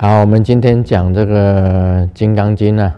好，我們今天講這個《金剛經》啊，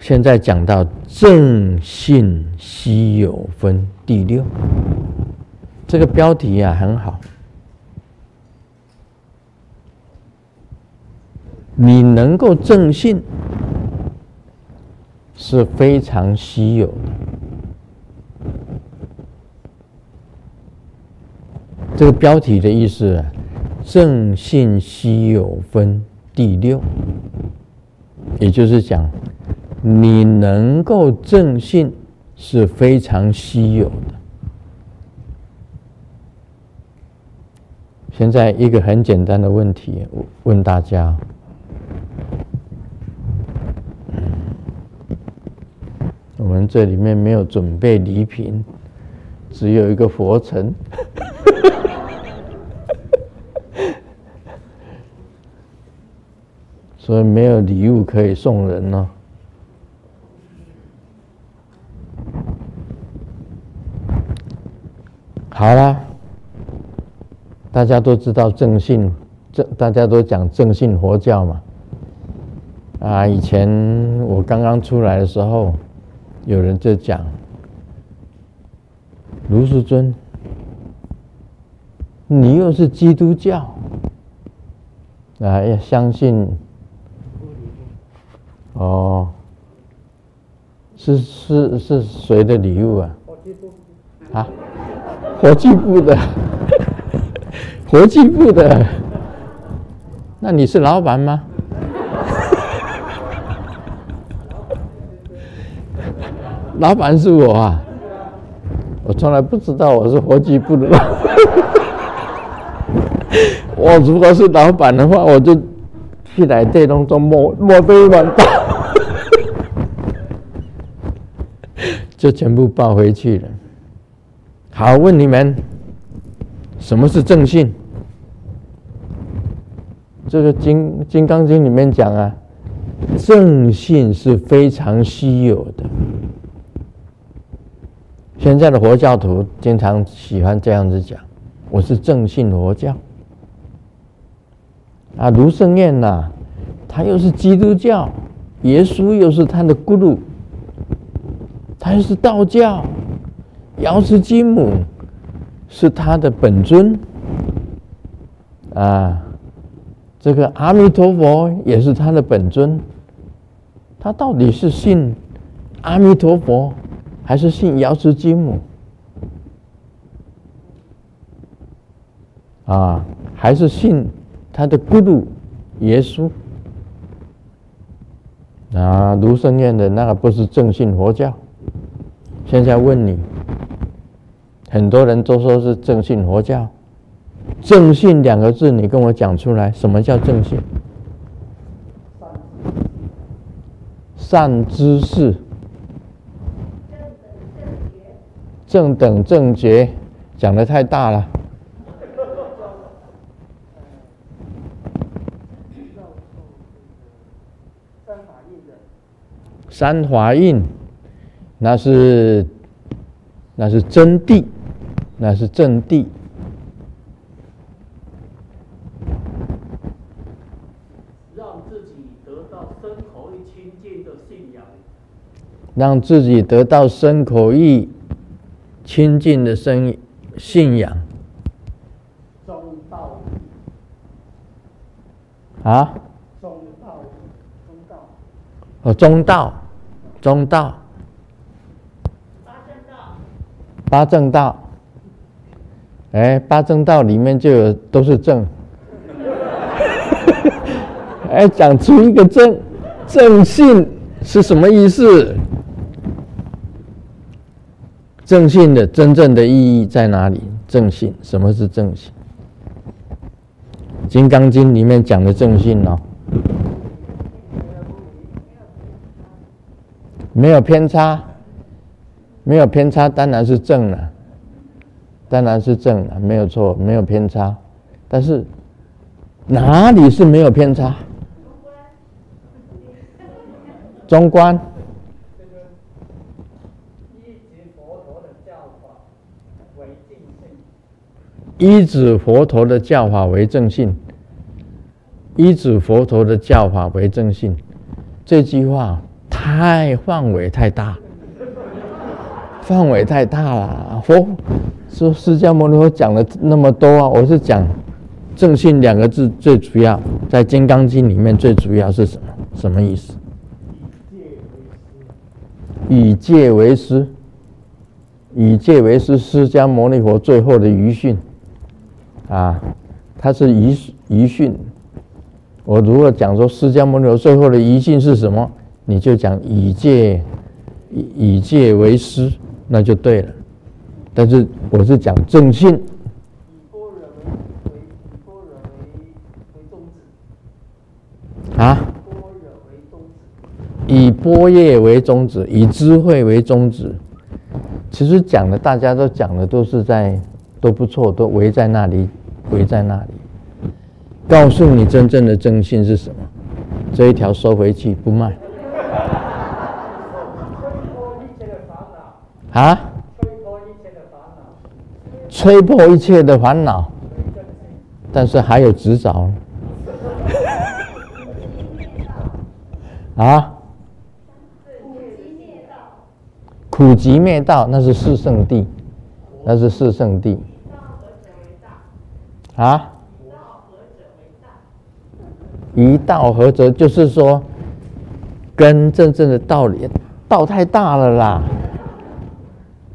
現在講到正信稀有分第六，這個標題啊很好，你能夠正信是非常稀有的，這個標題的意思啊。正信稀有分第六，也就是講，你能夠正信是非常稀有的。現在一個很簡單的問題，我問大家：我們這裡面沒有準備禮品，只有一個佛塵。 所以沒有禮物可以送人了。哦、好啦，大家都知道正信正大家都講正信佛教嘛。啊，以前我剛剛出來的時候，有人就講盧師尊，你又是基督教，啊，要相信。哦，是是是誰的禮物啊？國際部啊，國際部的，國際部的，那你是老闆嗎？老闆是我啊，我從來不知道我是國際部的老闆。我如果是老闆的話，我就去來這當中摸摸這一碗 就全部抱回去了。好，問你們，什麼是正信？這個金《金金剛經》裡面講啊，正信是非常稀有的。現在的佛教徒經常喜歡這樣子講，我是正信佛教。啊，盧勝彥吶，他又是基督教，耶穌又是他的 guru 他是道教，瑤池金母是他的本尊，啊，這個阿彌陀佛也是他的本尊，他到底是信阿彌陀佛，還是信瑤池金母？啊，還是信他的古魯耶穌？啊，盧勝彥的那個不是正信佛教。現在問你，很多人都說是正信佛教，正信兩個字，你跟我講出來，什麼叫正信？善知識，正等正覺，講的太大了。三華印。那是那是真諦，那是正諦，讓自己得到身口意清淨的信仰。讓自己得到身口意清淨的生信仰。中道啊？中道，中道。哦，中道，中道。八正道，哎、欸，八正道裡面就有都是正，哎、 欸，講出一個正，正信是什麼意思？正信的真正的意義在哪裡？正信什麼是正信？《金剛經》裡面講的正信嘍、哦，沒有偏差。沒有偏差，當然是正了，啊，當然是正了，啊，沒有錯，沒有偏差。但是哪裡是沒有偏差？中觀。中觀、這個。這個、依止佛陀的教法為正信。依止佛陀的教法為正信。這一句話太範圍太大。範圍太大了。佛、哦、說釋迦牟尼佛講了那麼多啊，我是講正信兩個字最主要，在《金剛經》裡面最主要是什麼？什麼意思？以戒為師。以戒為師，釋迦牟尼佛最後的遺訓啊，他是遺遺訓。我如果講說釋迦牟尼佛最後的遺訓是什麼？你就講以戒以，以戒為師。那就對了，但是我是講正信。啊，以般若為宗旨、嗯？以般若為宗旨，以智慧為宗旨。其實講的大家都講的都是在都不錯，都圍在那裡圍在那裡，告訴你真正的正信是什麼？這一條收回去不賣。啊！吹破一切的煩惱，吹破一切的煩惱，但是還有執着。 啊！苦集滅、滅、滅道，那是四聖諦，那是四聖諦。聖諦啊！一道合則？就是說，跟真正，正的道理，道太大了啦。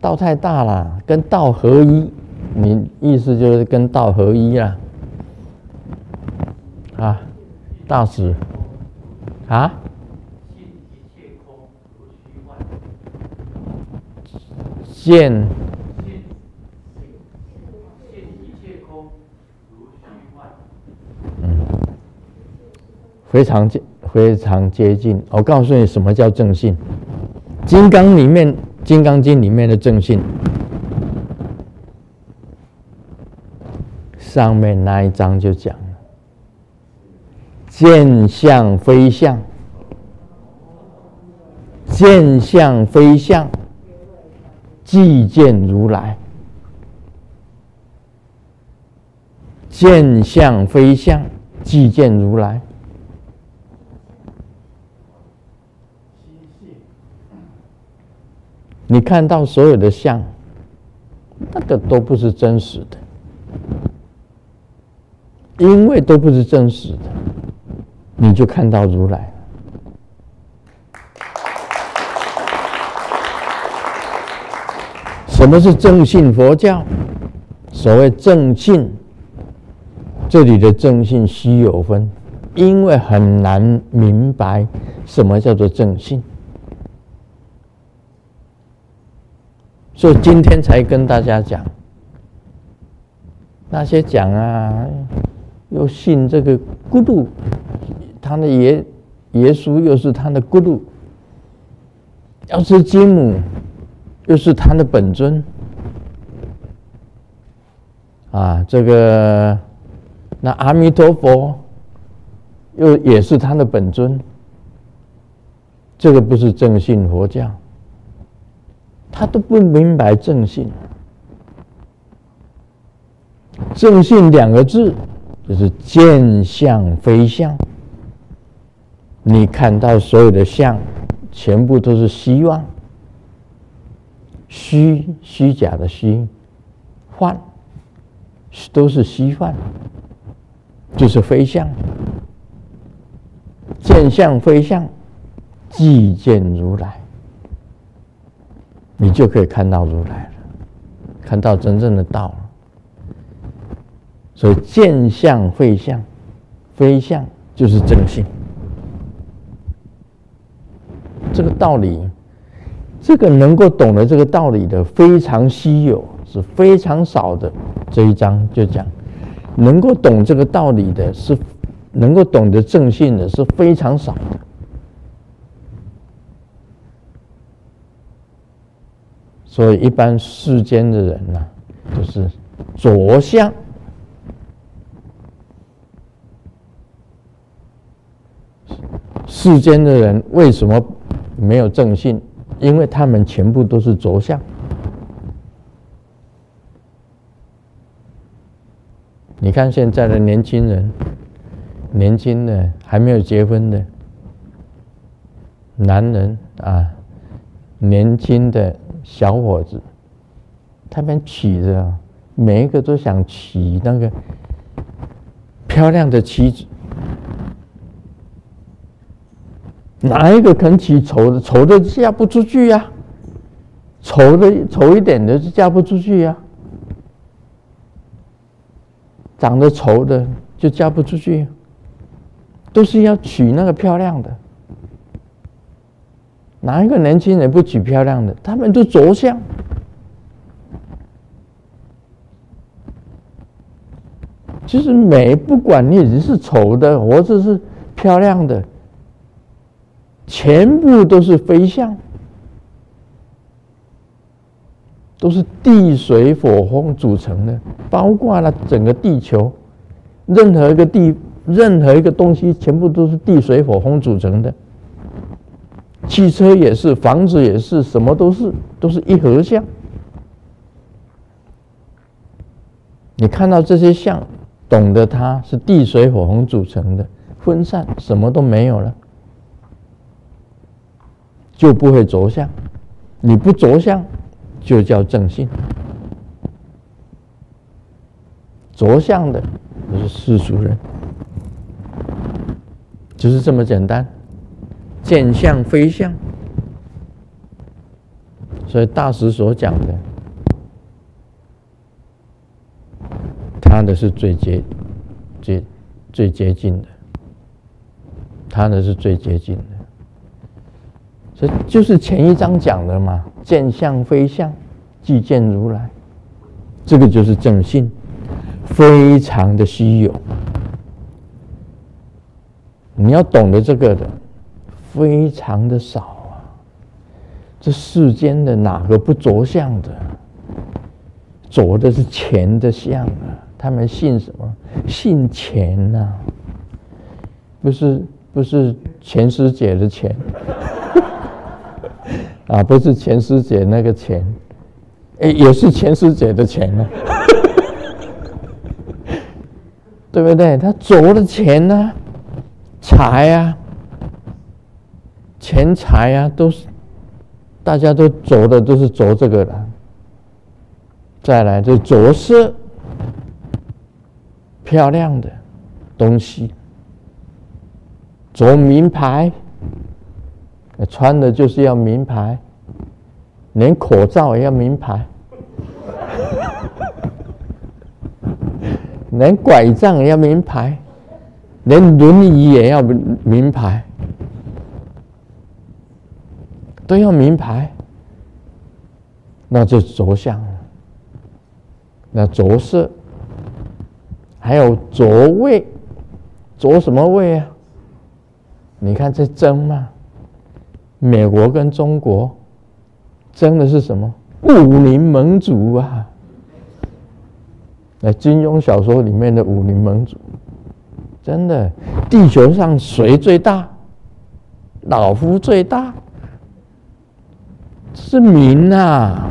道太大了，跟道合一，你意思就是跟道合一呀，啊？啊，大師，啊？現。一切空如虛幻。嗯，非常接，非常接近。我告訴你什麼叫正信，《金剛》裡面。《金剛經》裡面的正信，上面那一章就講了：見相非相，見相非相，即見如來；見相非相，即見如來。你看到所有的相，那個都不是真實的，因為都不是真實的，你就看到如來。什麼是正信佛教？所謂正信，這裡的正信希有分，因為很難明白什麼叫做正信。所以今天才跟大家講，那些講啊，又信這個咕嚕，他的耶耶穌又是他的咕嚕，要是金母，又是他的本尊，啊，這個那阿彌陀佛，又也是他的本尊，這個不是正信佛教。他都不明白正信，正信兩個字就是見相非相，你看到所有的相，全部都是希望，虛虛假的虛，幻，都是虛幻，就是非相，見相非相，即見如來。你就可以看到如來了，看到真正的道了。所以見相非相，非相就是正信。這個道理，這個能夠懂得這個道理的非常稀有，是非常少的。這一章就講，能夠懂這個道理的是，能夠懂得正信的是非常少的。所以，一般世間的人呢、啊，就是着相。世間的人為什麼沒有正信？因為他們全部都是着相。你看現在的年輕人，年輕的還沒有結婚的，男人啊，年輕的。小伙子，他們娶着每一個都想娶那個漂亮的妻子，哪一個肯娶醜的？醜的嫁不出去呀、啊，醜的醜一點的就嫁不出去呀、啊，長得醜的就嫁不出去、啊，都是要娶那個漂亮的。哪一個年輕人不娶漂亮的？他們都着相。其實美，不管你人是醜的，或者是漂亮的，全部都是非相，都是地水火風組成的，包括了整個地球，任何一個地，任何一個東西，全部都是地水火風組成的。汽車也是，房子也是，什麼都是，都是一合相。你看到這些相，懂得它是地水火風組成的，分散，什麼都沒有了，就不會着相。你不着相，就叫正性；着相的，就是世俗人。就是這麼簡單。見相非相，所以大師所講的，他的是最接、最最接近的，他的是最接近的。所以就是前一章講的嘛，見相非相，即見如來，這個就是正信，非常的稀有。你要懂得這個的。非常的少啊！這世間的哪個不着相的？着的是錢的相啊！他們信什麼？信錢吶、啊？不是不是錢師、 啊、姐，姐的錢啊？不是錢師姐那個錢？哎，也是錢師姐的錢啊？對不對？他着的錢呢、啊？財啊！錢財啊，都是大家都着的，都是着這個的。再來就是着色，漂亮的東西，着名牌，穿的就是要名牌，連口罩也要名牌， 連拐杖也要名牌，連輪椅也要名牌。都要名牌，那就着相了。那着色，還有着位，着什麼位啊？你看這爭嗎？美國跟中國爭的是什麼？武林盟主啊！那金庸小說裡面的武林盟主，真的，地球上誰最大？老夫最大。是名吶、啊！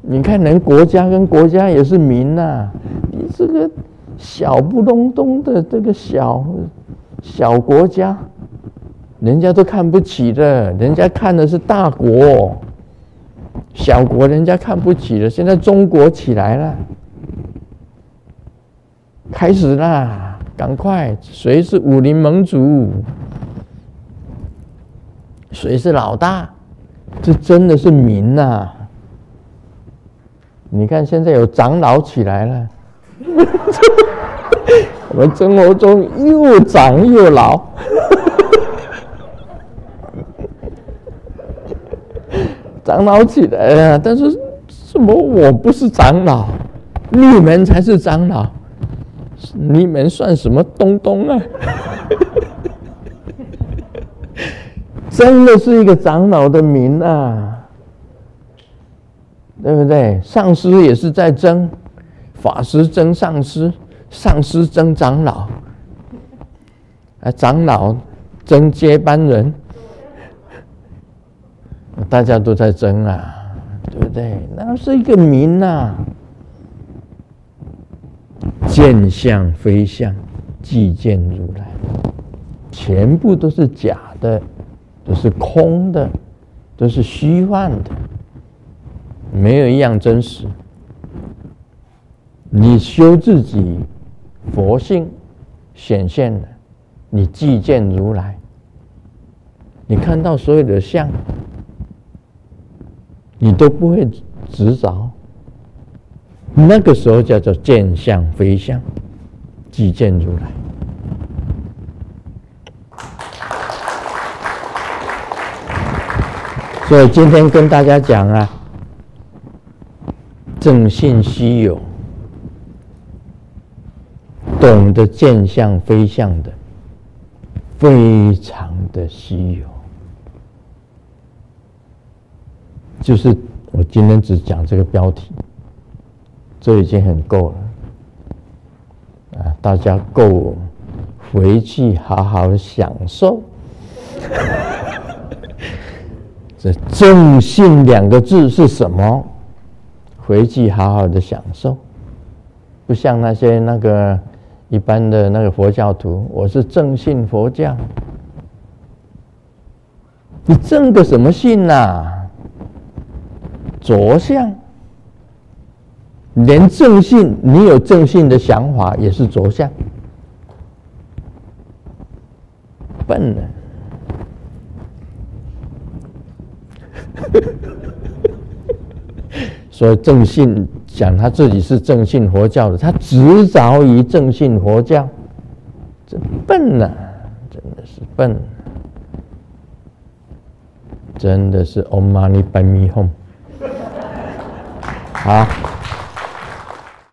你看，人國家跟國家也是名吶、啊。你這個小不隆冬的這個小小國家，人家都看不起的。人家看的是大國，小國人家看不起了。現在中國起來了，開始啦！趕快，誰是武林盟主？誰是老大？這真的是民吶、啊！你看現在有長老起來了， 我們生活中又長又老， 長老起來了，但是什麼？我不是長老，你們才是長老，你們算什麼東東啊？ 真的是一個長老的名啊，對不對？上師也是在爭，法師爭上師，上師爭長老，啊，長老爭接班人，大家都在爭啊，對不對？那是一個名啊，見相非相，即見如來，全部都是假的。都是空的，都是虛幻的，沒有一樣真實。你修自己佛性顯現的，你即見如來。你看到所有的相，你都不會執着。那個時候叫做見相非相，即見如來。所以今天跟大家講啊，正信稀有，懂得見相非相的，非常的稀有。就是我今天只講這個標題，這已經很夠了啊！大家夠回去好好享受。 這正信兩個字是什麼？回去好好的享受，不像那些那個一般的那個佛教徒，我是正信佛教。你正個什麼信吶、啊？着相，連正信你有正信的想法也是着相，笨呢、啊。所以正信講他自己是正信佛教的。他執着於正信佛教，真笨吶、啊！真的是笨，真的是嗡嘛呢唄咪吽。 好。